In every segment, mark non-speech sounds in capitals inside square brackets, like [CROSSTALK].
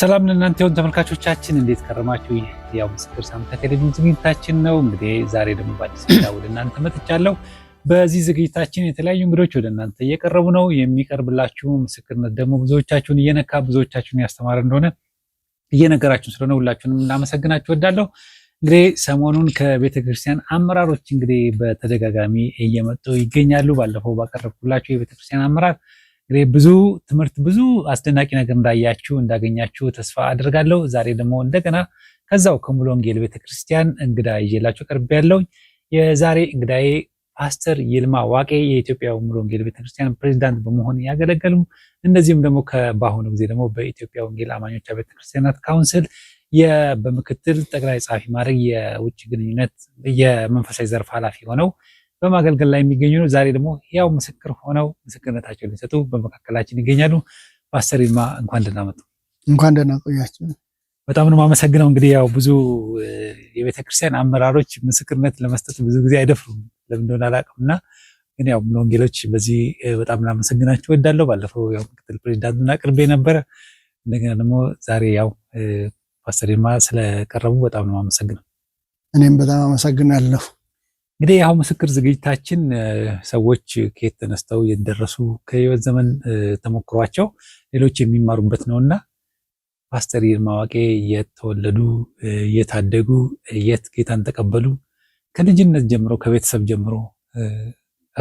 ሰላም ለእናንተ ይሁን ተመልካቾቻችን፣ እንዴት ከረማችሁ? ይህ ያው ምስክር ሳምንት አካዳሚ ዝግጅታችን ነው። እንግዲህ ዛሬ ደግሞ በአዲስ ጉዳይ ወደ እናንተ መጥቻለሁ። በዚህ ዝግጅታችን የተለያዩ እንግዶች ወደ እናንተ እየቀረቡ ነው። የሚቀርብላችሁ ምስክርነት ደግሞ ብዙዎቻችሁን እየነካ ብዙዎቻችሁን ያስተማረ እንደሆነ እየነገራችሁን ስለሆነ ሁላችሁንም እናመሰግናችሁ ወዳለሁ እንግዲህ ሰሞኑን ከቤተ ክርስቲያን አመራሮች እንግዲህ በተደጋጋሚ እየመጡ ይገኛሉ። ባለፈው ባቀረብኩላችሁ የቤተ ክርስቲያን አመራር እንግዲህ ብዙ ትምህርት ብዙ አስደናቂ ነገር እንዳያችሁ እንዳገኛችሁ ተስፋ አድርጋለሁ። ዛሬ ደግሞ እንደገና ከዛው ከሙሉ ወንጌል ቤተክርስቲያን እንግዳ ይዤላችሁ ቀርብ ያለው የዛሬ እንግዳዬ ፓስተር ይልማ ዋቄ የኢትዮጵያ ሙሉ ወንጌል ቤተክርስቲያን ፕሬዚዳንት በመሆን ያገለገሉ እንደዚሁም ደግሞ በአሁኑ ጊዜ ደግሞ በኢትዮጵያ ወንጌል አማኞች ቤተክርስቲያናት ካውንስል በምክትል ጠቅላይ ጸሐፊ ማድረግ የውጭ ግንኙነት የመንፈሳዊ ዘርፍ ኃላፊ ሆነው በማገልገል ላይ የሚገኙ ነው። ዛሬ ደግሞ ያው ምስክር ሆነው ምስክርነታቸው ሊሰጡ በመካከላችን ይገኛሉ። ፓስተር ይልማ እንኳን ደህና መጡ። እንኳን ደህና ቆያችሁ። በጣም ነው የማመሰግነው። እንግዲህ ያው ብዙ የቤተክርስቲያን አመራሮች ምስክርነት ለመስጠት ብዙ ጊዜ አይደፍሩም፣ ለምን እንደሆነ አላውቅም እና ግን ያው ወንጌሎች በዚህ በጣም ላመሰግናችሁ እወዳለሁ። ባለፈው ያው ምክትል ፕሬዚዳንቱን አቅርቤ ነበረ። እንደገና ደግሞ ዛሬ ያው ፓስተር ይልማ ስለቀረቡ በጣም ነው የማመሰግነው። እኔም በጣም አመሰግናለሁ። እንግዲህ የአሁን ምስክር ዝግጅታችን ሰዎች ከየት ተነስተው የደረሱ ከህይወት ዘመን ተሞክሯቸው ሌሎች የሚማሩበት እና ፓስተር ይልማ ዋቄ የት ተወለዱ፣ የት አደጉ፣ የት ጌታን ተቀበሉ፣ ከልጅነት ጀምሮ ከቤተሰብ ጀምሮ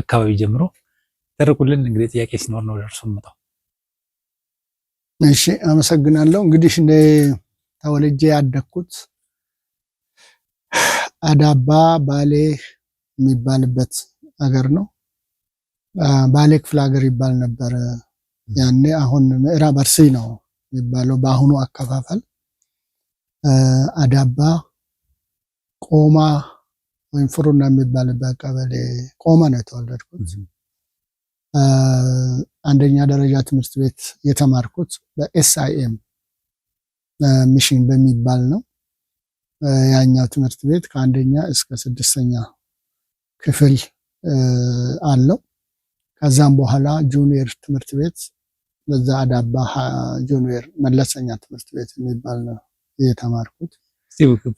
አካባቢ ጀምሮ ተደረቁልን። እንግዲህ ጥያቄ ሲኖር ነው ደርሶ መጣው። እሺ አመሰግናለሁ። እንግዲህ እንደ ተወልጄ ያደግኩት አዳባ ባሌ የሚባልበት ሀገር ነው። ባሌ ክፍለ ሀገር ይባል ነበር ያኔ። አሁን ምዕራብ አርሲ ነው የሚባለው በአሁኑ አከፋፈል። አዳባ ቆማ ወይም ፍሩና የሚባልበት ቀበሌ ቆማ ነው የተወለድኩት። አንደኛ ደረጃ ትምህርት ቤት የተማርኩት በኤስአይኤም ሚሽን በሚባል ነው። ያኛው ትምህርት ቤት ከአንደኛ እስከ ስድስተኛ ክፍል አለው። ከዛም በኋላ ጁኒየር ትምህርት ቤት በዛ አዳባ ጁኒየር መለሰኛ ትምህርት ቤት የሚባል ነው እየተማርኩት።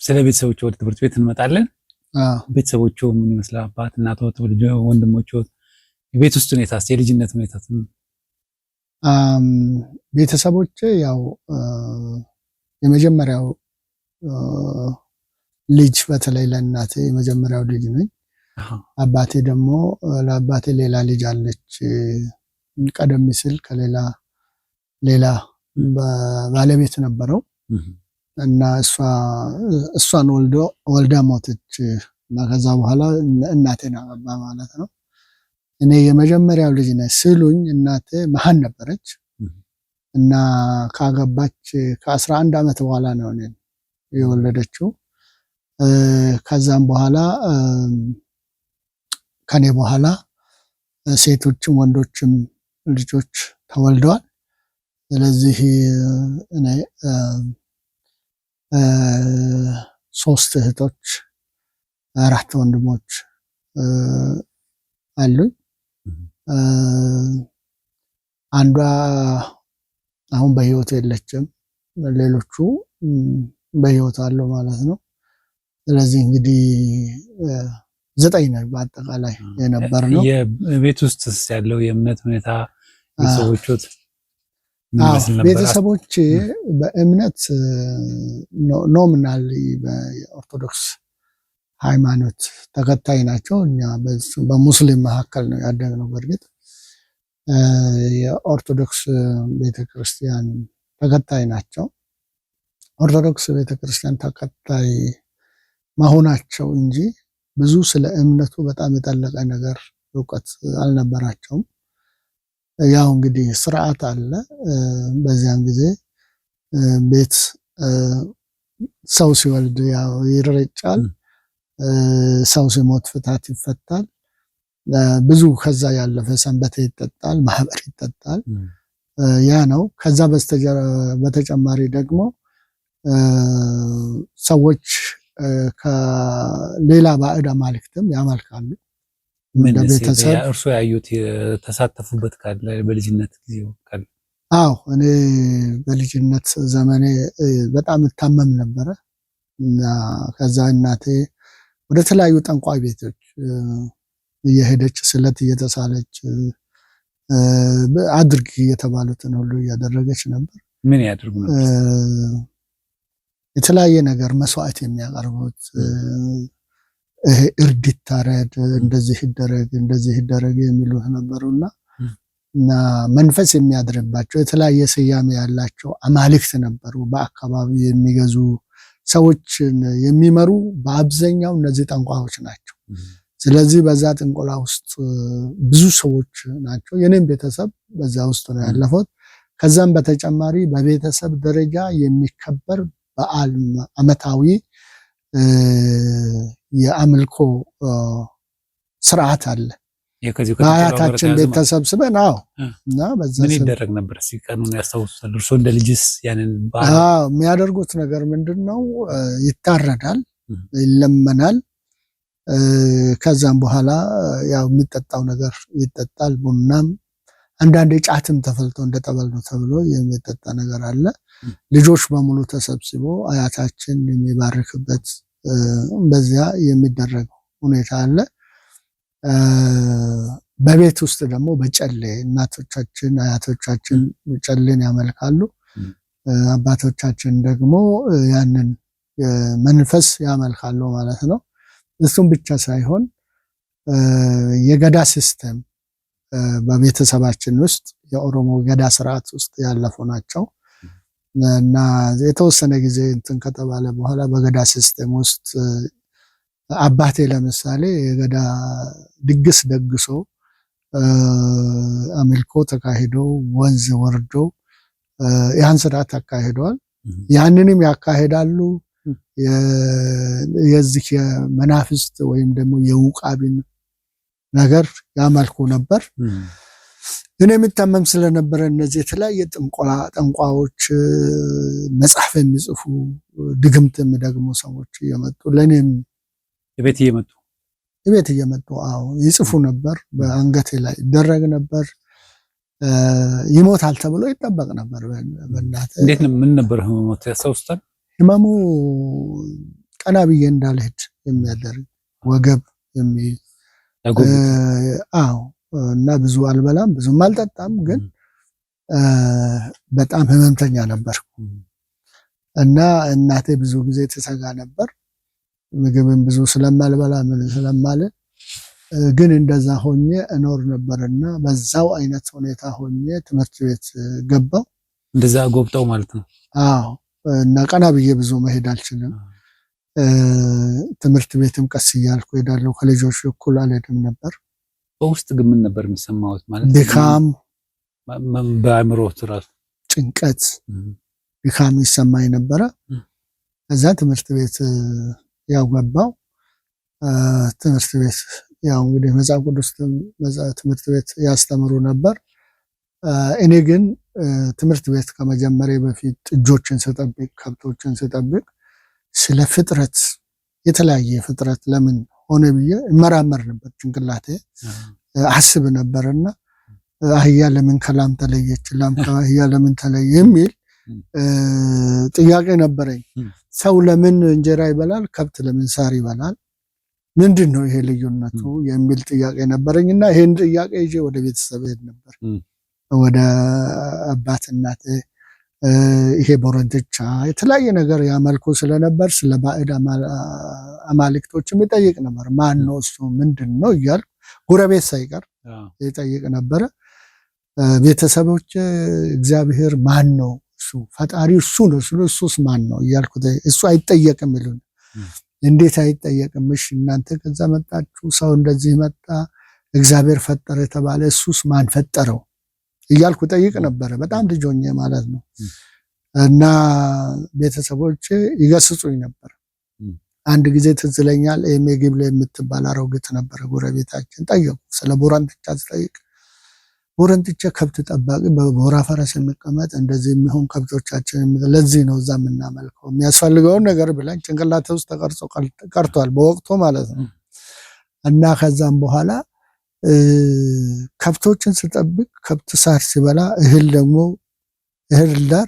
ስለ ቤተሰቦች ወደ ትምህርት ቤት እንመጣለን። ቤተሰቦቹ ምን ይመስላል? አባት፣ እናቶ፣ ወንድሞች፣ የቤት ውስጥ ሁኔታ፣ የልጅነት ሁኔታ። ቤተሰቦች ያው የመጀመሪያው ልጅ በተለይ ለእናቴ የመጀመሪያው ልጅ ነኝ። አባቴ ደግሞ ለአባቴ ሌላ ልጅ አለች። ቀደም ሲል ከሌላ ሌላ ባለቤት ነበረው እና እሷን ወልዳ ሞተች እና ከዛ በኋላ እናቴን አገባ ማለት ነው። እኔ የመጀመሪያው ልጅ ነ ስሉኝ እናቴ መሀን ነበረች እና ካገባች ከአስራ አንድ ዓመት በኋላ ነው እኔን የወለደችው ከዛም በኋላ ከኔ በኋላ ሴቶችም ወንዶችም ልጆች ተወልደዋል። ስለዚህ እኔ ሶስት እህቶች አራት ወንድሞች አሉኝ። አንዷ አሁን በህይወት የለችም። ሌሎቹ በህይወት አሉ ማለት ነው። ስለዚህ እንግዲህ ዘጠኝ ነ በአጠቃላይ የነበር ነው። የቤት ስ ያለው የእምነት ሁኔታ ቤተሰቦቹት ቤተሰቦች በእምነት ኖምናል በኦርቶዶክስ ሃይማኖት ተከታይ ናቸው። እኛ በሙስሊም መካከል ነው ያደግነው። በእርግጥ የኦርቶዶክስ ቤተክርስቲያን ተከታይ ናቸው። ኦርቶዶክስ ቤተክርስቲያን ተከታይ መሆናቸው እንጂ ብዙ ስለ እምነቱ በጣም የጠለቀ ነገር እውቀት አልነበራቸውም። ያው እንግዲህ ስርዓት አለ። በዚያን ጊዜ ቤት ሰው ሲወልድ ያው ይረጫል፣ ሰው ሲሞት ፍታት ይፈታል። ብዙ ከዛ ያለፈ ሰንበት ይጠጣል፣ ማህበር ይጠጣል። ያ ነው። ከዛ በተጨማሪ ደግሞ ሰዎች ከሌላ ባዕድ አማልክትም ያመልካሉ። ቤተሰብ እርሶ ያዩት የተሳተፉበት ካለ በልጅነት ጊዜ ካለ? አዎ እኔ በልጅነት ዘመኔ በጣም እታመም ነበረ እና ከዛ እናቴ ወደ ተለያዩ ጠንቋይ ቤቶች እየሄደች ስለት እየተሳለች አድርግ የተባሉትን ሁሉ እያደረገች ነበር። ምን ያደርጉ ነበር? የተለያየ ነገር መስዋዕት የሚያቀርቡት ይሄ እርድ ይታረድ፣ እንደዚህ ይደረግ፣ እንደዚህ ይደረግ የሚሉት ነበሩና እና መንፈስ የሚያድርባቸው የተለያየ ስያሜ ያላቸው አማልክት ነበሩ። በአካባቢ የሚገዙ ሰዎችን የሚመሩ በአብዛኛው እነዚህ ጠንቋዎች ናቸው። ስለዚህ በዛ ጥንቆላ ውስጥ ብዙ ሰዎች ናቸው። የኔም ቤተሰብ በዛ ውስጥ ነው ያለፉት ከዛም በተጨማሪ በቤተሰብ ደረጃ የሚከበር በዓል ዓመታዊ የአምልኮ ስርዓት አለ። በአያታችን ቤት ተሰብስበን ው እና በዛ ምን ይደረግ ነበር? ቀኑን ያስታውሱታል እርሶ እንደ ልጅስ? የሚያደርጉት ነገር ምንድን ነው? ይታረዳል፣ ይለመናል። ከዛም በኋላ ያው የሚጠጣው ነገር ይጠጣል። ቡናም አንዳንድ ጫትም ተፈልቶ እንደ ጠበል ነው ተብሎ የሚጠጣ ነገር አለ። ልጆች በሙሉ ተሰብስቦ አያታችን የሚባርክበት በዚያ የሚደረግ ሁኔታ አለ። በቤት ውስጥ ደግሞ በጨሌ እናቶቻችን አያቶቻችን ጨሌን ያመልካሉ። አባቶቻችን ደግሞ ያንን መንፈስ ያመልካሉ ማለት ነው። እሱም ብቻ ሳይሆን የገዳ ሲስተም በቤተሰባችን ውስጥ የኦሮሞ ገዳ ስርዓት ውስጥ ያለፉ ናቸው እና የተወሰነ ጊዜ እንትን ከተባለ በኋላ በገዳ ሲስተም ውስጥ አባቴ ለምሳሌ የገዳ ድግስ ደግሶ አምልኮ ተካሂዶ ወንዝ ወርዶ ያን ስርዓት አካሂደዋል። ያንንም ያካሂዳሉ። የዚህ የመናፍስት ወይም ደግሞ የውቃቢን ነገር ያመልኩ ነበር። ግን የሚታመም ስለነበረ እነዚህ የተለያየ ጥንቆላ ጠንቋዎች፣ መጽሐፍ የሚጽፉ ድግምት የሚደግሙ ሰዎች እየመጡ ለእኔም እቤት እየመጡ እቤት እየመጡ አዎ ይጽፉ ነበር። በአንገቴ ላይ ይደረግ ነበር። ይሞታል ተብሎ ይጠበቅ ነበር። በእናትህ እንዴት ነው? ምን ነበር ህመሞት ያስታውሱታል? ህመሙ ቀና ብዬ እንዳልሄድ የሚያደርግ ወገብ የሚይዝ አዎ እና ብዙ አልበላም ብዙም አልጠጣም፣ ግን በጣም ህመምተኛ ነበር እና እናቴ ብዙ ጊዜ ትሰጋ ነበር። ምግብን ብዙ ስለማልበላ ምን ስለማል ግን እንደዛ ሆኜ እኖር ነበርና በዛው አይነት ሁኔታ ሆኜ ትምህርት ቤት ገባው። እንደዛ ጎብጠው ማለት ነው። አዎ እና ቀና ብዬ ብዙ መሄድ አልችልም። ትምህርት ቤትም ቀስ እያልኩ ሄዳለሁ። ከልጆች እኩል አልሄድም ነበር። በውስጥ ግን ምን ነበር የሚሰማት? ማለት ድካም፣ በአእምሮ ራሱ ጭንቀት፣ ድካም ይሰማኝ ነበረ። ከዛ ትምህርት ቤት ያው ገባው ትምህርት ቤት ያው እንግዲህ መጽሐፍ ቅዱስ ትምህርት ቤት ያስተምሩ ነበር። እኔ ግን ትምህርት ቤት ከመጀመሪያ በፊት ጥጆችን ስጠብቅ ከብቶችን ስጠብቅ ስለ ፍጥረት የተለያየ ፍጥረት ለምን ሆነ ብዬ እመራመር ነበር። ጭንቅላቴ አስብ ነበርና አህያ ለምን ከላም ተለየች፣ ላም ከአህያ ለምን ተለየ የሚል ጥያቄ ነበረኝ። ሰው ለምን እንጀራ ይበላል፣ ከብት ለምን ሳር ይበላል፣ ምንድን ነው ይሄ ልዩነቱ የሚል ጥያቄ ነበረኝ እና ይህን ጥያቄ ይዤ ወደ ቤተሰብ ሄድ ነበር ወደ አባት እናቴ ይሄ ቦረንትቻ የተለያየ ነገር ያመልኩ ስለነበር ስለ ባዕድ አማልክቶች የሚጠይቅ ነበር። ማን ነው እሱ? ምንድን ነው እያል ጉረቤት ሳይቀር ይጠይቅ ነበረ። ቤተሰቦች እግዚአብሔር ማን ነው እሱ? ፈጣሪ እሱ ነው ስሉ እሱስ ማን ነው እያልኩት እሱ አይጠየቅም ይሉን። እንዴት አይጠየቅም? እሺ እናንተ ከዛ መጣችሁ፣ ሰው እንደዚህ መጣ፣ እግዚአብሔር ፈጠረ የተባለ እሱስ ማን ፈጠረው እያልኩ ጠይቅ ነበረ በጣም ልጆኜ ማለት ነው። እና ቤተሰቦች ይገስጹኝ ነበር። አንድ ጊዜ ትዝ ይለኛል ግብለ የምትባል አሮጊት ነበረ ጎረቤታችን። ጠየቁ ስለ ቦረንትቻ ስጠይቅ ቦረንትቻ ከብት ጠባቂ፣ በቦራ ፈረስ የሚቀመጥ እንደዚህ የሚሆን ከብቶቻችን ለዚህ ነው እዛ የምናመልከው የሚያስፈልገውን ነገር ብለን ጭንቅላት ውስጥ ተቀርጾ ቀርቷል በወቅቱ ማለት ነው እና ከዛም በኋላ ከብቶችን ስጠብቅ ከብት ሳር ሲበላ እህል ደግሞ እህል ዳር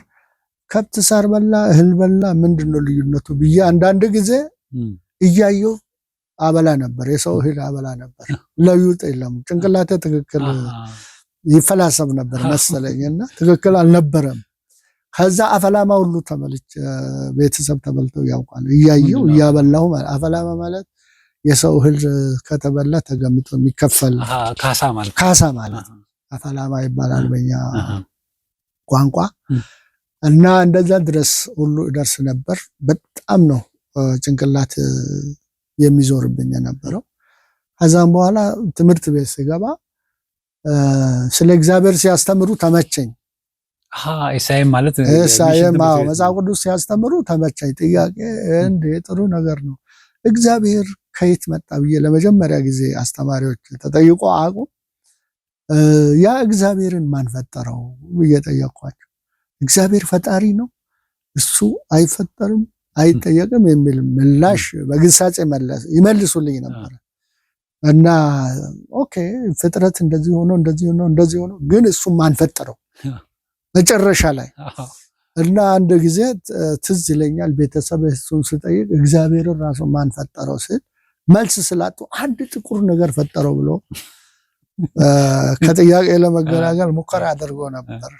ከብት ሳር በላ እህል በላ ምንድን ነው ልዩነቱ ብዬ አንዳንድ ጊዜ እያየው አበላ ነበር። የሰው እህል አበላ ነበር። ለዩጥ የለም። ጭንቅላቴ ትክክል ይፈላሰብ ነበር እና ትክክል አልነበረም። ከዛ አፈላማ ሁሉ ተበልቼ ቤተሰብ ተበልተው ያውቃል። እያየው እያበላሁ አፈላማ ማለት የሰው እህል ከተበላ ተገምጦ የሚከፈል ካሳ ማለት ነው። አፈላማ ይባላል በኛ ቋንቋ እና እንደዛ ድረስ ሁሉ እደርስ ነበር። በጣም ነው ጭንቅላት የሚዞርብኝ የነበረው። ከዛም በኋላ ትምህርት ቤት ስገባ ስለ እግዚአብሔር ሲያስተምሩ ተመቸኝ። ኢሳይም ማለት ኢሳይም መጽሐፍ ቅዱስ ሲያስተምሩ ተመቸኝ። ጥያቄ ጥሩ ነገር ነው እግዚአብሔር ከየት መጣ ብዬ ለመጀመሪያ ጊዜ አስተማሪዎች ተጠይቆ አቁ ያ እግዚአብሔርን ማን ፈጠረው ብዬ ጠየኳቸው። እግዚአብሔር ፈጣሪ ነው፣ እሱ አይፈጠርም፣ አይጠየቅም የሚል ምላሽ በግሳጼ ይመልሱልኝ ነበረ እና ኦኬ ፍጥረት እንደዚህ ሆኖ እንደዚህ ሆኖ እንደዚህ ሆኖ ግን እሱ ማን ፈጠረው መጨረሻ ላይ እና አንድ ጊዜ ትዝ ይለኛል ቤተሰብ እሱን ስጠይቅ እግዚአብሔርን ራሱ ማን ፈጠረው ስል መልስ ስላጡ አንድ ጥቁር ነገር ፈጠረው ብሎ ከጥያቄ ለመገላገል ሙከራ አድርጎ ነበር።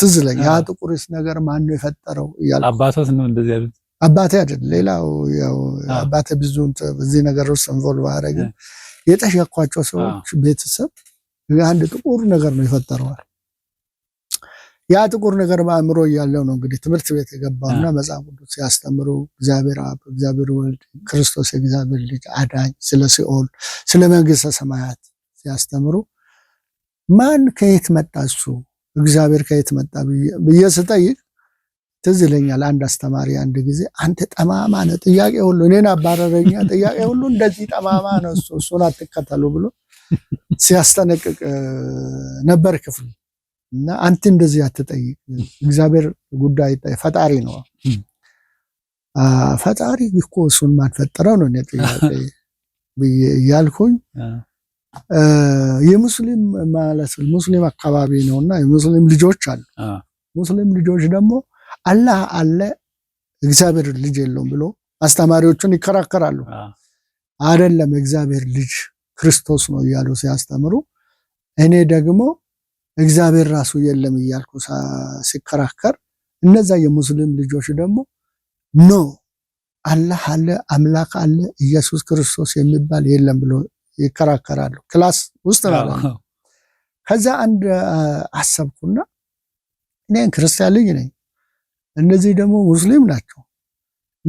ትዝ ይለኝ ያ ጥቁርስ ነገር ማን ነው የፈጠረው እያልኩ አባቶት ነው እንደዚህ ያሉት። አባቴ አይደል ሌላው ያው አባቴ ብዙ እዚህ ነገር ውስጥ ኢንቮልቭ አያደርግም። የጠየኳቸው ሰዎች ቤተሰብ አንድ ጥቁር ነገር ነው የፈጠረዋል ያ ጥቁር ነገር በአእምሮ እያለው ነው እንግዲህ ትምህርት ቤት የገባውና መጽሐፍ ቅዱስ ሲያስተምሩ እግዚአብሔር አብ፣ እግዚአብሔር ወልድ፣ ክርስቶስ የእግዚአብሔር ልጅ አዳኝ፣ ስለ ሲኦል፣ ስለ መንግስተ ሰማያት ሲያስተምሩ ማን ከየት መጣ እሱ እግዚአብሔር ከየት መጣ ብዬ ስጠይቅ ትዝ ይለኛል አንድ አስተማሪ አንድ ጊዜ አንተ ጠማማ ነህ፣ ጥያቄ ሁሉ እኔን አባረረኛ፣ ጥያቄ ሁሉ እንደዚህ ጠማማ ነው እሱን አትከተሉ ብሎ ሲያስጠነቅቅ ነበር ክፍል እና አንተ እንደዚህ አትጠይቅ፣ እግዚአብሔር ጉዳይ ፈጣሪ ነው። ፈጣሪ እኮ እሱን ማን ፈጠረው ነው ጥያቄ ብዬ እያልኩኝ የሙስሊም ማለት ሙስሊም አካባቢ ነውና የሙስሊም ልጆች አሉ። ሙስሊም ልጆች ደግሞ አላህ አለ እግዚአብሔር ልጅ የለውም ብሎ አስተማሪዎቹን ይከራከራሉ። አይደለም እግዚአብሔር ልጅ ክርስቶስ ነው እያሉ ሲያስተምሩ እኔ ደግሞ እግዚአብሔር ራሱ የለም እያልኩ ሲከራከር፣ እነዛ የሙስሊም ልጆች ደግሞ ኖ አላህ አለ፣ አምላክ አለ፣ ኢየሱስ ክርስቶስ የሚባል የለም ብሎ ይከራከራሉ። ክላስ ውስጥ ነው። ከዛ አንድ አሰብኩና እኔ ክርስቲያን ልጅ ነኝ፣ እነዚህ ደግሞ ሙስሊም ናቸው።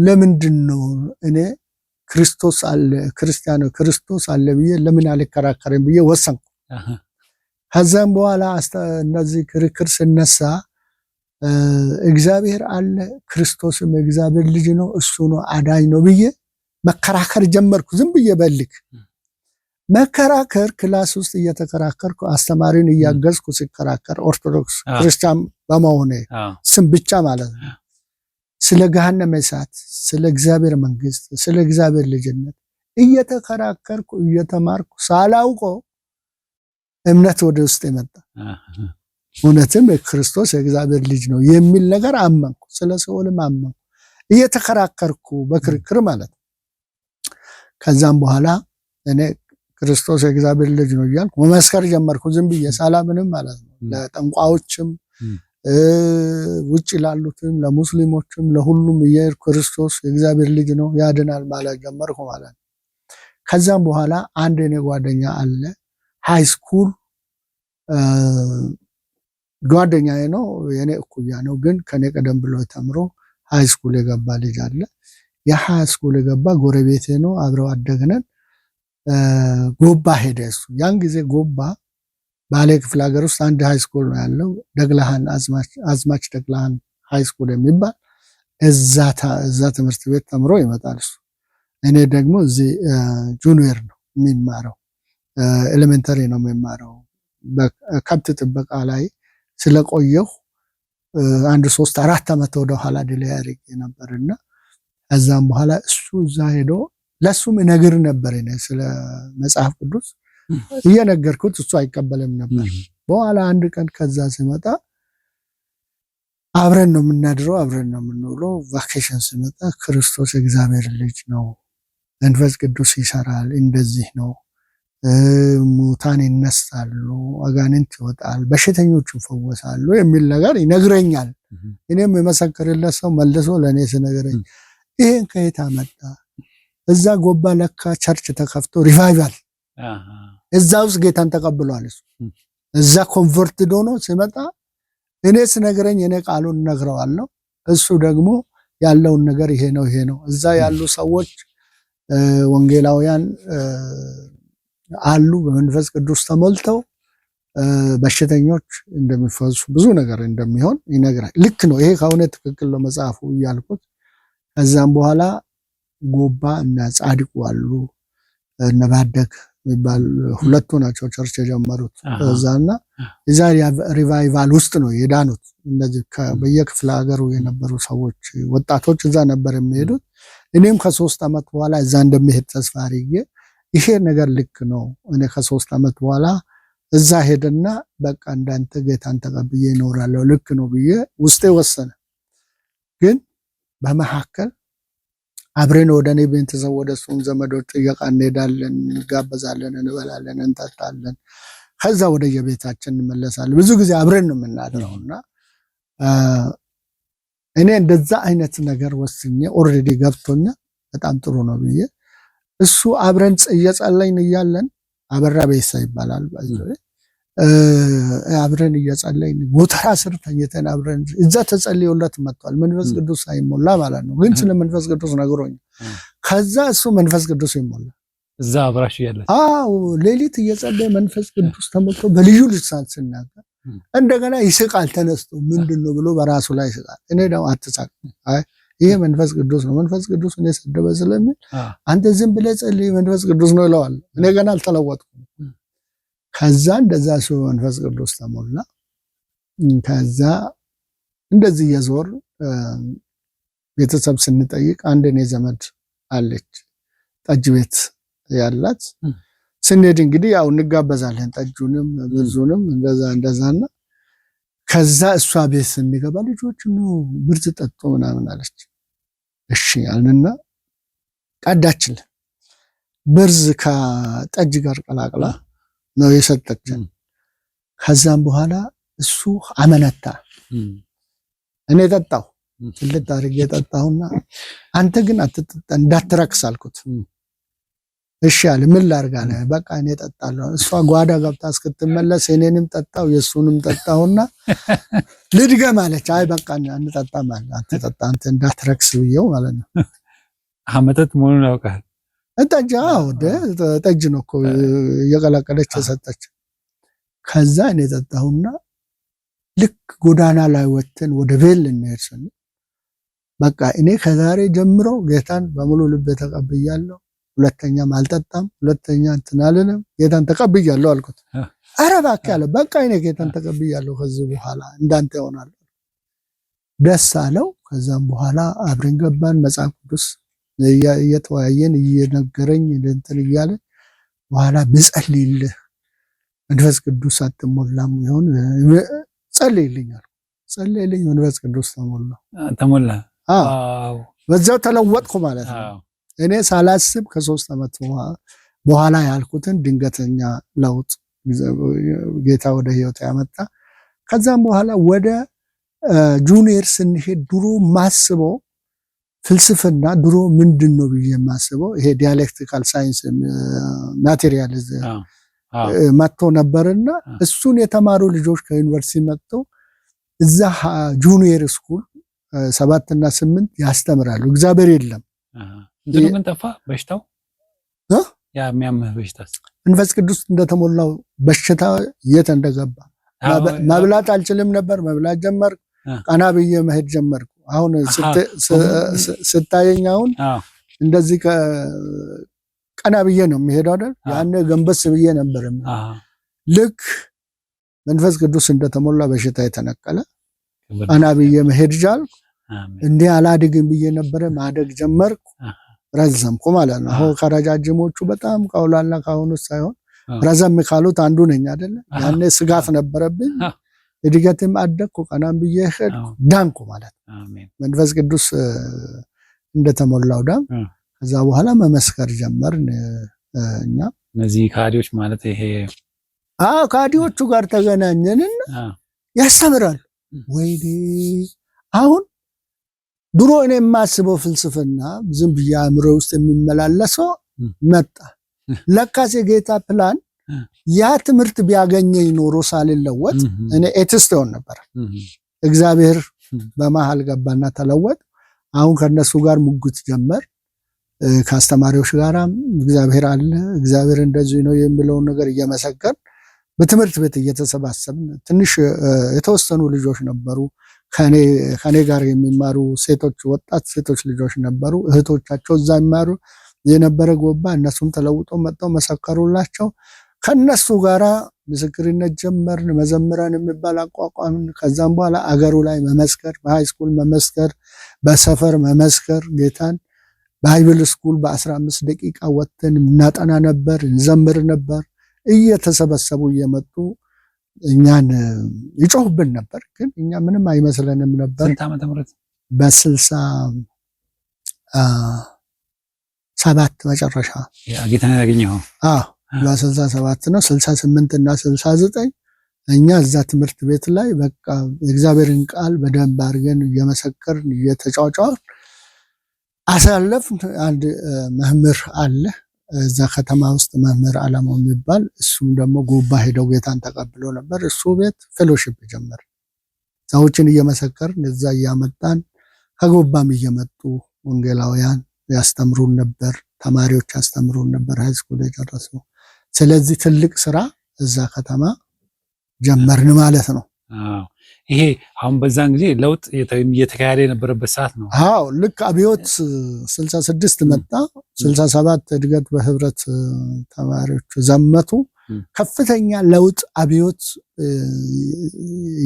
ለምንድን ነው እኔ ክርስቶስ አለ ክርስቲያኖ ክርስቶስ አለ ብዬ ለምን አልከራከርም ብዬ ወሰንኩ። ከዛም በኋላ እነዚህ ክርክር ስነሳ እግዚአብሔር አለ፣ ክርስቶስም እግዚአብሔር ልጅ ነው፣ እሱ ነው አዳኝ ነው ብዬ መከራከር ጀመርኩ። ዝም ብዬ በልክ መከራከር ክላስ ውስጥ እየተከራከርኩ አስተማሪን እያገዝኩ ሲከራከር ኦርቶዶክስ ክርስቲያን በመሆነ ስም ብቻ ማለት ነው። ስለ ገሃነመ እሳት፣ ስለ እግዚአብሔር መንግስት፣ ስለ እግዚአብሔር ልጅነት እየተከራከርኩ እየተማርኩ ሳላውቀው እምነት ወደ ውስጥ የመጣ እውነትም ክርስቶስ የእግዚአብሔር ልጅ ነው የሚል ነገር አመንኩ። ስለ ሰውልም አመንኩ እየተከራከርኩ በክርክር ማለት ነው። ከዛም በኋላ እኔ ክርስቶስ የእግዚአብሔር ልጅ ነው እያልኩ መመስከር ጀመርኩ። ዝም ብዬ ሳላምንም ማለት ነው ለጠንቋዎችም ውጭ ላሉትም ለሙስሊሞችም ለሁሉም እየሄድኩ ክርስቶስ የእግዚአብሔር ልጅ ነው ያድናል ማለት ጀመርኩ ማለት ነው። ከዛም በኋላ አንድ እኔ ጓደኛ አለ ሃይስኩል uh, ጓደኛዬ ነው፣ የኔ እኩያ ነው። ግን ከኔ ቀደም ብሎ ተምሮ ሃይስኩል የገባ ልጅ አለ። ስኩል የገባ ጎረቤቴ ነው፣ አብረው አደግነን። uh, ጎባ ሄደ እሱ። ያን ጊዜ ጎባ ባሌ ክፍለ ሀገር ውስጥ አንድ ስኩል ነው ያለው፣ ደግላሃን አዝማች ደግላሃን ሃይስኩል የሚባል እዛ ትምህርት ቤት ተምሮ ይመጣል እሱ። እኔ ደግሞ እዚህ ጁኒየር uh, ነው የሚማረው ኤሌሜንተሪ ነው የሚማረው። ከብት ጥበቃ ላይ ስለቆየሁ አንድ ሶስት አራት ዓመት ወደኋላ ድል ያደርግ እና ከዛም በኋላ እሱ እዛ ሄዶ ለእሱም እነግር ነበር ስለ መጽሐፍ ቅዱስ እየነገርኩት እሱ አይቀበልም ነበር። በኋላ አንድ ቀን ከዛ ስመጣ አብረን ነው የምናድረው፣ አብረን ነው የምንውለው። ቫኬሽን ስመጣ ክርስቶስ እግዚአብሔር ልጅ ነው፣ መንፈስ ቅዱስ ይሰራል፣ እንደዚህ ነው ሙታን ይነሳሉ፣ አጋንንት ይወጣል፣ በሽተኞች ይፈወሳሉ የሚል ነገር ይነግረኛል። እኔም የመሰከርለት ሰው መልሶ ለእኔ ስነግረኝ ይሄን ከየት አመጣ? እዛ ጎባ ለካ ቸርች ተከፍቶ ሪቫይቫል እዛ ውስጥ ጌታን ተቀብሏል። እሱ እዛ ኮንቨርት ዶኖ ሲመጣ እኔ ስነግረኝ እኔ ቃሉን እነግረዋለሁ። እሱ ደግሞ ያለውን ነገር ይሄ ነው ይሄ ነው። እዛ ያሉ ሰዎች ወንጌላውያን አሉ በመንፈስ ቅዱስ ተሞልተው በሽተኞች እንደሚፈሱ ብዙ ነገር እንደሚሆን ይነግራል። ልክ ነው። ይሄ ከእውነት ትክክል ነው መጽሐፉ እያልኩት ከዛም በኋላ ጎባ እና ጻድቁ አሉ እነ ባደግ የሚባል ሁለቱ ናቸው ቸርች የጀመሩት እዛና እዛ ሪቫይቫል ውስጥ ነው የዳኑት። እነዚህ በየክፍለ ሀገሩ የነበሩ ሰዎች ወጣቶች እዛ ነበር የሚሄዱት። እኔም ከሶስት ዓመት በኋላ እዛ እንደሚሄድ ተስፋ አድርጌ ይሄ ነገር ልክ ነው። እኔ ከሶስት ዓመት በኋላ እዛ ሄደና በቃ እንዳንተ ጌታን ተቀብዬ ይኖራለሁ ልክ ነው ብዬ ውስጤ ወሰነ። ግን በመካከል አብሬን ወደ እኔ ቤተሰብ ወደ እሱም ዘመዶች ጥየቃ እንሄዳለን፣ እንጋበዛለን፣ እንበላለን፣ እንጠጣለን። ከዛ ወደ የቤታችን እንመለሳለን። ብዙ ጊዜ አብሬን ነው የምናድረው እና እኔ እንደዛ አይነት ነገር ወስኜ ኦልሬዲ ገብቶኛ በጣም ጥሩ ነው ብዬ እሱ አብረን እየጸለይን እያለን አበራ ቤሳ ይባላል። አብረን እየጸለይን ጎተራ ስር ተኝተን አብረን እዛ ተጸልዮለት መጥቷል። መንፈስ ቅዱስ አይሞላ ማለት ነው። ግን ስለ መንፈስ ቅዱስ ነግሮኝ ከዛ እሱ መንፈስ ቅዱስ ይሞላ እዛ አብራሽ ያለ አዎ፣ ሌሊት እየጸለየ መንፈስ ቅዱስ ተሞልቶ በልዩ ልሳን ስናገር እንደገና ይስቃል። ተነስቶ ምንድን ነው ብሎ በራሱ ላይ ይስቃል። እኔ ደግሞ አትሳቅ አይ ይሄ መንፈስ ቅዱስ ነው፣ መንፈስ ቅዱስ እኔ ሰደበ ስለሚል አንተ ዝም ብለህ ጸልይ መንፈስ ቅዱስ ነው ይለዋል። እኔ ገና አልተለወጥኩም። ከዛ እንደዛ እሱ መንፈስ ቅዱስ ተሞላ። ከዛ እንደዚህ የዞር ቤተሰብ ስንጠይቅ አንድ እኔ ዘመድ አለች ጠጅ ቤት ያላት ስንሄድ እንግዲህ ያው እንጋበዛለን ጠጁንም ብዙንም እንደዛ እንደዛና ከዛ እሷ ቤት ስንገባ ልጆች ነው ምርት ጠጡ ምናምን አለች። እሺ አልንና ቀዳችልን። በርዝ ከጠጅ ጋር ቀላቅላ ነው የሰጠችን። ከዛም በኋላ እሱ አመነታ። እኔ ጠጣሁ፣ ትልቅ አድርጌ ጠጣሁና፣ አንተ ግን አትጠጣ እንዳትረክስ አልኩት። እሺ አለ። ምን ላድርግ አለ። በቃ እኔ ጠጣለሁ። እሷ ጓዳ ገብታ እስክትመለስ እኔንም ጠጣው የእሱንም ጠጣውና [LAUGHS] ልድገም አለች። አይ በቃ አንጠጣም አለ። አትጠጣ አንተ እንዳትረክስ ብየው ማለት ነው። መጠጥ መሆኑን ያውቃል። ጠጅ ወደ ጠጅ ነው እኮ እየቀላቀለች የሰጠች። ከዛ እኔ ጠጣሁና ልክ ጎዳና ላይ ወጥተን ወደ ቤል እንሄድ ስንል በቃ እኔ ከዛሬ ጀምሮ ጌታን በሙሉ ልቤ ተቀብያለሁ ሁለተኛም አልጠጣም፣ ሁለተኛ እንትን አልልም፣ ጌታን ተቀብያለሁ አልኩት። አረ እባክህ አለ። በቃ እኔ ጌታን ተቀብያለሁ፣ ከዚህ በኋላ እንዳንተ ይሆናል። ደስ አለው። ከዛም በኋላ አብረን ገባን። መጽሐፍ ቅዱስ እየተወያየን እየነገረኝ እንትን እያለ በኋላ ብጸልይልህ መንፈስ ቅዱስ አትሞላም ይሆን? ጸልይልኝ አልኩት። ጸልይልኝ፣ መንፈስ ቅዱስ ተሞላ ተሞላ። በዛው ተለወጥኩ ማለት ነው። እኔ ሳላስብ ከሶስት ዓመት በኋላ ያልኩትን ድንገተኛ ለውጥ ጌታ ወደ ህይወት ያመጣ። ከዛም በኋላ ወደ ጁኒየር ስንሄድ ድሮ ማስበው ፍልስፍና ድሮ ምንድን ነው ብዬ የማስበው ይሄ ዲያሌክቲካል ሳይንስ ማቴሪያሊዝም መጥቶ ነበርና እሱን የተማሩ ልጆች ከዩኒቨርሲቲ መጥተው እዛ ጁኒየር ስኩል ሰባትና ስምንት ያስተምራሉ። እግዚአብሔር የለም እንትኑ ግን ጠፋ በሽታው ያ የሚያምህ በሽታ መንፈስ ቅዱስ እንደተሞላው በሽታ የት እንደገባ መብላት አልችልም ነበር። መብላት ጀመርኩ። ቀና ብዬ መሄድ ጀመርኩ። አሁን ስታየኝ አሁን እንደዚህ ቀና ብዬ ነው የሚሄደው አይደል? ያን ገንበስ ብዬ ነበር። ልክ መንፈስ ቅዱስ እንደተሞላ በሽታ የተነቀለ ቀና ብዬ መሄድ ቻልኩ። እንዲህ አላድግም ብዬ ነበረ ማደግ ጀመርኩ። ረዘምኩ ማለት ነው። አሁን ከረጃጅሞቹ በጣም ከአውላና ከአሁኑ ሳይሆን ረዘም ካሉት አንዱ ነኝ አይደለ? ያኔ ስጋት ነበረብኝ። እድገትም አደግኩ፣ ቀናም ብዬ ሄድኩ፣ ዳንኩ ማለት መንፈስ ቅዱስ እንደተሞላው ዳም። ከዛ በኋላ መመስከር ጀመር እኛ እነዚህ ከሃዲዎች ማለት ይሄ አዎ፣ ከሃዲዎቹ ጋር ተገናኘንና ያስተምራሉ። ወይ አሁን ድሮ እኔ የማስበው ፍልስፍና ዝም ብዬ አእምሮ ውስጥ የሚመላለሰው መጣ። ለካስ የጌታ ፕላን ያ ትምህርት ቢያገኘኝ ኖሮ ሳልለወጥ እኔ ኤትስት ሆን ነበር። እግዚአብሔር በመሀል ገባና ተለወጥ። አሁን ከነሱ ጋር ሙግት ጀመር። ከአስተማሪዎች ጋር እግዚአብሔር አለ፣ እግዚአብሔር እንደዚህ ነው የሚለውን ነገር እየመሰከር በትምህርት ቤት እየተሰባሰብን ትንሽ የተወሰኑ ልጆች ነበሩ ከኔ ጋር የሚማሩ ሴቶች ወጣት ሴቶች ልጆች ነበሩ። እህቶቻቸው እዛ የሚማሩ የነበረ ጎባ እነሱም ተለውጦ መጥተው መሰከሩላቸው። ከነሱ ጋራ ምስክርነት ጀመርን። መዘምራን የሚባል አቋቋምን። ከዛም በኋላ አገሩ ላይ መመስከር፣ ስኩል መመስከር፣ በሰፈር መመስከር ጌታን በሃይብል ስኩል በ15 ደቂቃ ወጥተን እናጠና ነበር፣ እንዘምር ነበር። እየተሰበሰቡ እየመጡ እኛን ይጮሁብን ነበር፣ ግን እኛ ምንም አይመስለንም ነበር። በስልሳ ሰባት መጨረሻ ጌታን ያገኘው ሰባት ነው። ስልሳ ስምንት እና ስልሳ ዘጠኝ እኛ እዛ ትምህርት ቤት ላይ በቃ የእግዚአብሔርን ቃል በደንብ አድርገን እየመሰከርን እየተጫጫን አሳለፍ። አንድ መምህር አለ እዛ ከተማ ውስጥ መምህር አላማው የሚባል እሱም ደግሞ ጎባ ሄደው ጌታን ተቀብሎ ነበር። እሱ ቤት ፌሎሽፕ ጀመር። ሰዎችን እየመሰከርን እዛ እያመጣን ከጎባም እየመጡ ወንጌላውያን ያስተምሩን ነበር። ተማሪዎች ያስተምሩን ነበር፣ ሃይስኩል የጨረሱ። ስለዚህ ትልቅ ስራ እዛ ከተማ ጀመርን ማለት ነው። ይሄ አሁን በዛን ጊዜ ለውጥ እየተካሄደ የነበረበት ሰዓት ነው። አዎ ልክ አብዮት ስልሳ ስድስት መጣ፣ ስልሳ ሰባት እድገት በህብረት ተማሪዎች ዘመቱ። ከፍተኛ ለውጥ አብዮት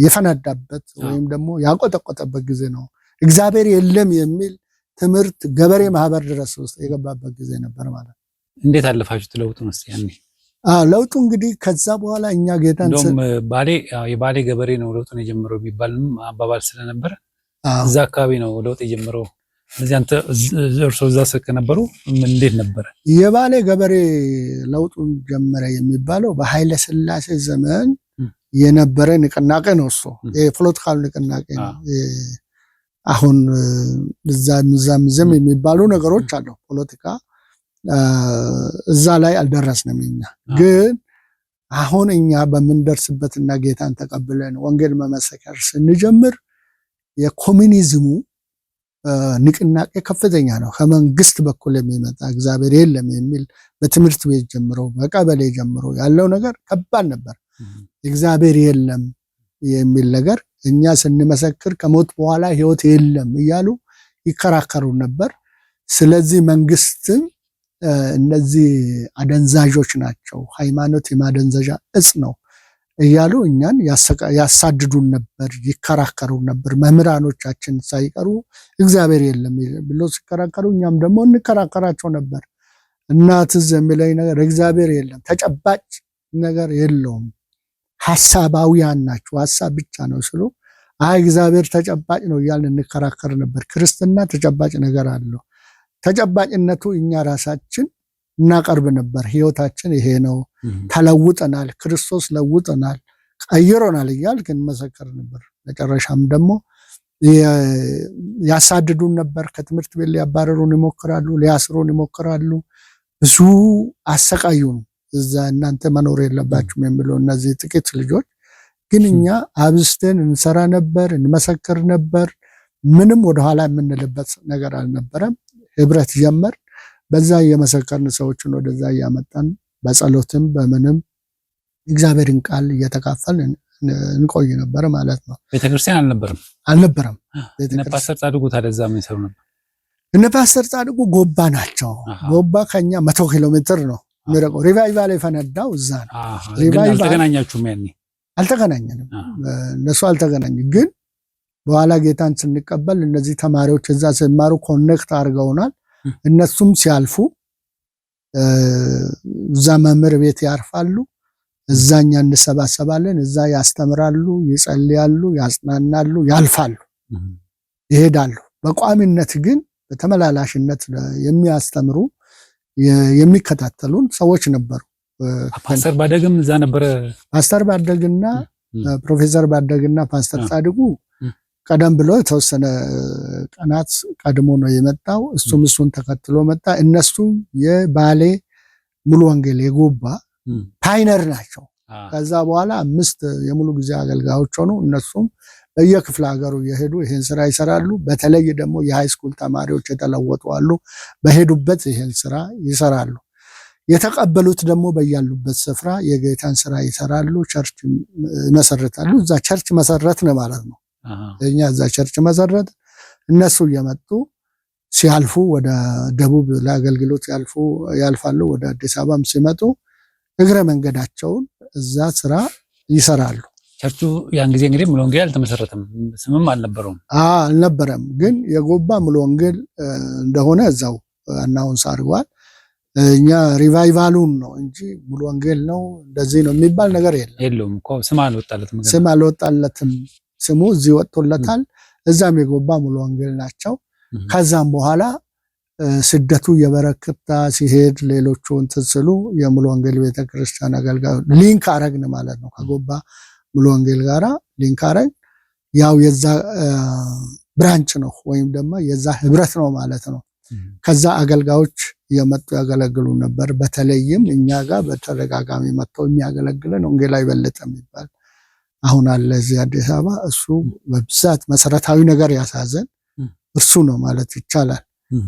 የፈነዳበት ወይም ደግሞ ያቆጠቆጠበት ጊዜ ነው። እግዚአብሔር የለም የሚል ትምህርት ገበሬ ማህበር ድረስ ውስጥ የገባበት ጊዜ ነበር ማለት ነው። እንዴት አለፋችሁት ለውጥ ያኔ ለውጡ እንግዲህ ከዛ በኋላ እኛ ጌታ ባሌ የባሌ ገበሬ ነው ለውጡን የጀመረው የሚባል አባባል ስለነበረ እዛ አካባቢ ነው ለውጥ የጀመረው። እዚህ አንተ እርሶ እዛ ከነበሩ እንዴት ነበረ? የባሌ ገበሬ ለውጡን ጀመረ የሚባለው በኃይለ ስላሴ ዘመን የነበረ ንቅናቄ ነው። እሱ የፖለቲካል ንቅናቄ ነው። አሁን እዛም እዛም የሚባሉ ነገሮች አለው ፖለቲካ እዛ ላይ አልደረስንም። እኛ ግን አሁን እኛ በምንደርስበትና ጌታን ተቀብለን ወንጌል መመሰከር ስንጀምር የኮሚኒዝሙ ንቅናቄ ከፍተኛ ነው። ከመንግስት በኩል የሚመጣ እግዚአብሔር የለም የሚል በትምህርት ቤት ጀምሮ በቀበሌ ጀምሮ ያለው ነገር ከባድ ነበር። እግዚአብሔር የለም የሚል ነገር እኛ ስንመሰክር ከሞት በኋላ ህይወት የለም እያሉ ይከራከሩ ነበር። ስለዚህ መንግስትን እነዚህ አደንዛዦች ናቸው፣ ሃይማኖት የማደንዘዣ እጽ ነው እያሉ እኛን ያሳድዱን ነበር፣ ይከራከሩን ነበር። መምህራኖቻችን ሳይቀሩ እግዚአብሔር የለም ብሎ ሲከራከሩ እኛም ደግሞ እንከራከራቸው ነበር። እናትዝ የሚለኝ ነገር እግዚአብሔር የለም ተጨባጭ ነገር የለውም፣ ሀሳባውያን ናቸው፣ ሀሳብ ብቻ ነው ስሉ አይ እግዚአብሔር ተጨባጭ ነው እያልን እንከራከር ነበር። ክርስትና ተጨባጭ ነገር አለው። ተጨባጭነቱ እኛ ራሳችን እናቀርብ ነበር። ህይወታችን ይሄ ነው፣ ተለውጠናል፣ ክርስቶስ ለውጠናል፣ ቀይሮናል ግን መሰከር ነበር። መጨረሻም ደግሞ ያሳድዱን ነበር። ከትምህርት ቤት ሊያባረሩን ይሞክራሉ፣ ሊያስሩን ይሞክራሉ። ብዙ አሰቃዩን። እዛ እናንተ መኖር የለባችሁም የሚለው እነዚህ ጥቂት ልጆች ግን እኛ አብስተን እንሰራ ነበር፣ እንመሰክር ነበር። ምንም ወደኋላ የምንልበት ነገር አልነበረም። ህብረት ጀመር። በዛ እየመሰከርን ሰዎችን ወደዛ እያመጣን በጸሎትም በምንም እግዚአብሔርን ቃል እየተካፈል እንቆይ ነበር ማለት ነው። ቤተክርስቲያን አልነበረም አልነበረም። ፓስተር ጻድቁ ታዲያ እዛ ምን ይሰሩ ነበር? እነ ፓስተር ጻድቁ ጎባ ናቸው። ጎባ ከኛ መቶ ኪሎ ሜትር ነው የሚረቀው። ሪቫይቫል የፈነዳው እዛ ነው። አልተገናኛችሁም? ያኔ አልተገናኘንም፣ እነሱ አልተገናኝ ግን በኋላ ጌታን ስንቀበል እነዚህ ተማሪዎች እዛ ሲማሩ ኮኔክት አድርገውናል። እነሱም ሲያልፉ እዛ መምህር ቤት ያርፋሉ። እዛ እኛ እንሰባሰባለን። እዛ ያስተምራሉ፣ ይጸልያሉ፣ ያጽናናሉ፣ ያልፋሉ፣ ይሄዳሉ። በቋሚነት ግን በተመላላሽነት የሚያስተምሩ የሚከታተሉን ሰዎች ነበሩ። ፓስተር ባደግም እዛ ነበረ። ፓስተር ባደግና ፕሮፌሰር ባደግና ፓስተር ጻድቁ ቀደም ብሎ የተወሰነ ቀናት ቀድሞ ነው የመጣው። እሱም እሱን ተከትሎ መጣ። እነሱም የባሌ ሙሉ ወንጌል የጎባ ፓይነር ናቸው። ከዛ በኋላ አምስት የሙሉ ጊዜ አገልጋዮች ሆኑ። እነሱም በየክፍለ ሀገሩ የሄዱ ይህን ስራ ይሰራሉ። በተለይ ደግሞ የሃይስኩል ተማሪዎች የተለወጡ አሉ። በሄዱበት ይህን ስራ ይሰራሉ። የተቀበሉት ደግሞ በያሉበት ስፍራ የጌታን ስራ ይሰራሉ። ቸርች ይመሰርታሉ። እዛ ቸርች መሰረት ነው ማለት ነው። እኛ እዛ ቸርች መሰረት እነሱ እየመጡ ሲያልፉ ወደ ደቡብ ለአገልግሎት ያልፉ ያልፋሉ። ወደ አዲስ አበባም ሲመጡ እግረ መንገዳቸውን እዛ ስራ ይሰራሉ። ቸርቹ ያን ጊዜ እንግዲህ ሙሉ ወንጌል አልተመሰረተም፣ ስምም አልነበረውም። አልነበረም፣ ግን የጎባ ሙሉ ወንጌል እንደሆነ እዛው አናውንስ አድርጓል። እኛ ሪቫይቫሉን ነው እንጂ ሙሉ ወንጌል ነው እንደዚህ ነው የሚባል ነገር የለም። ስም አልወጣለትም። ስም አልወጣለትም ስሙ እዚህ ወጥቶለታል። እዛም የጎባ ሙሉ ወንጌል ናቸው። ከዛም በኋላ ስደቱ የበረክታ ሲሄድ ሌሎቹ እንትን ስሉ የሙሉ ወንጌል ቤተክርስቲያን አገልጋዩ ሊንክ አረግን ማለት ነው። ከጎባ ሙሉ ወንጌል ጋራ ሊንክ አረግ ያው የዛ ብራንች ነው ወይም ደግሞ የዛ ህብረት ነው ማለት ነው። ከዛ አገልጋዮች የመጡ ያገለግሉ ነበር። በተለይም እኛ ጋር በተደጋጋሚ መጥተው የሚያገለግለን ወንጌል በለጠ የሚባል አሁን አለ እዚህ አዲስ አበባ እሱ በብዛት መሰረታዊ ነገር ያሳዘን እርሱ ነው ማለት ይቻላል።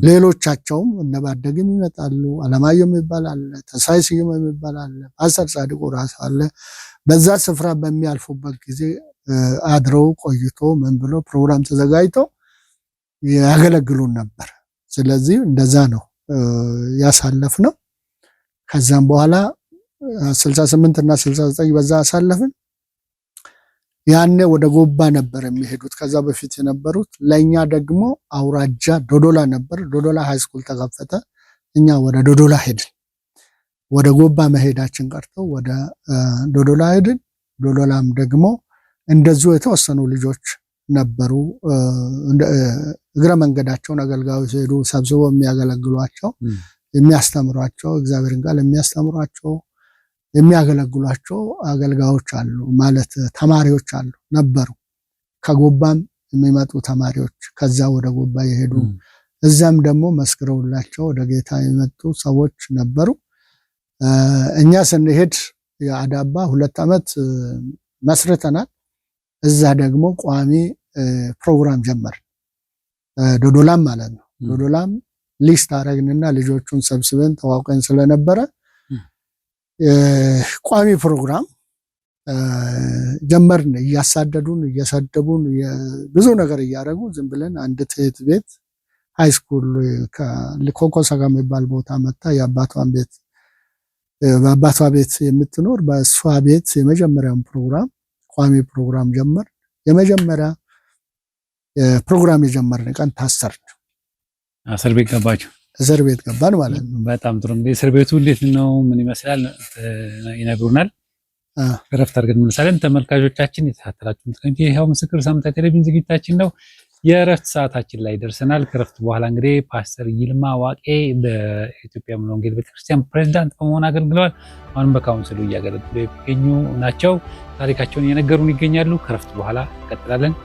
ሌሎቻቸውም እነባደግም ይመጣሉ። አለማየሁ የሚባል አለ፣ ተሳይ ስዩም የሚባል አለ፣ ፓስተር ጻድቁ ራሱ አለ። በዛ ስፍራ በሚያልፉበት ጊዜ አድረው ቆይቶ ምን ብሎ ፕሮግራም ተዘጋጅቶ ያገለግሉን ነበር። ስለዚህ እንደዛ ነው ያሳለፍ ነው። ከዛም በኋላ 68 እና 69 በዛ አሳለፍን። ያኔ ወደ ጎባ ነበር የሚሄዱት ከዛ በፊት የነበሩት። ለእኛ ደግሞ አውራጃ ዶዶላ ነበር። ዶዶላ ሃይስኩል ተከፈተ። እኛ ወደ ዶዶላ ሄድን። ወደ ጎባ መሄዳችን ቀርተው ወደ ዶዶላ ሄድን። ዶዶላም ደግሞ እንደዚሁ የተወሰኑ ልጆች ነበሩ እግረ መንገዳቸውን አገልጋዮች ሄዱ ሰብስበው የሚያገለግሏቸው የሚያስተምሯቸው እግዚአብሔርን ቃል የሚያስተምሯቸው የሚያገለግሏቸው አገልጋዮች አሉ ማለት ተማሪዎች አሉ ነበሩ። ከጎባም የሚመጡ ተማሪዎች ከዛ ወደ ጎባ የሄዱ እዛም ደግሞ መስክረውላቸው ወደ ጌታ የመጡ ሰዎች ነበሩ። እኛ ስንሄድ የአዳባ ሁለት ዓመት መስርተናል። እዛ ደግሞ ቋሚ ፕሮግራም ጀመርን። ዶዶላም ማለት ነው። ዶዶላም ሊስት አረግንና ልጆቹን ሰብስበን ተዋውቀን ስለነበረ ቋሚ ፕሮግራም ጀመርን። እያሳደዱን፣ እየሰደቡን፣ ብዙ ነገር እያደረጉ ዝም ብለን አንድ ትህት ቤት ሃይስኩል ኮንኮሳ ጋር የሚባል ቦታ መታ የአባቷን ቤት በአባቷ ቤት የምትኖር በእሷ ቤት የመጀመሪያውን ፕሮግራም ቋሚ ፕሮግራም ጀመር። የመጀመሪያ ፕሮግራም የጀመርን ቀን ታሰርን። አስር ቤት ገባችሁ? እስር ቤት ገባን ማለት ነው። በጣም ጥሩ እንግዲህ እስር ቤቱ እንዴት ነው? ምን ይመስላል? ይነግሩናል። ረፍት አድርገን ምንሳለን። ተመልካቾቻችን የተሳተላችሁ ምትቀኝ ይኸው ምስክር ሳምንታዊ ቴሌቪዥን ዝግጅታችን ነው። የእረፍት ሰዓታችን ላይ ደርሰናል። ከእረፍት በኋላ እንግዲህ ፓስተር ይልማ ዋቄ በኢትዮጵያ ሙሉ ወንጌል ቤተክርስቲያን ፕሬዚዳንት በመሆን አገልግለዋል። አሁንም በካውንስሉ እያገለግሉ የሚገኙ ናቸው። ታሪካቸውን እየነገሩን ይገኛሉ። ከእረፍት በኋላ እንቀጥላለን።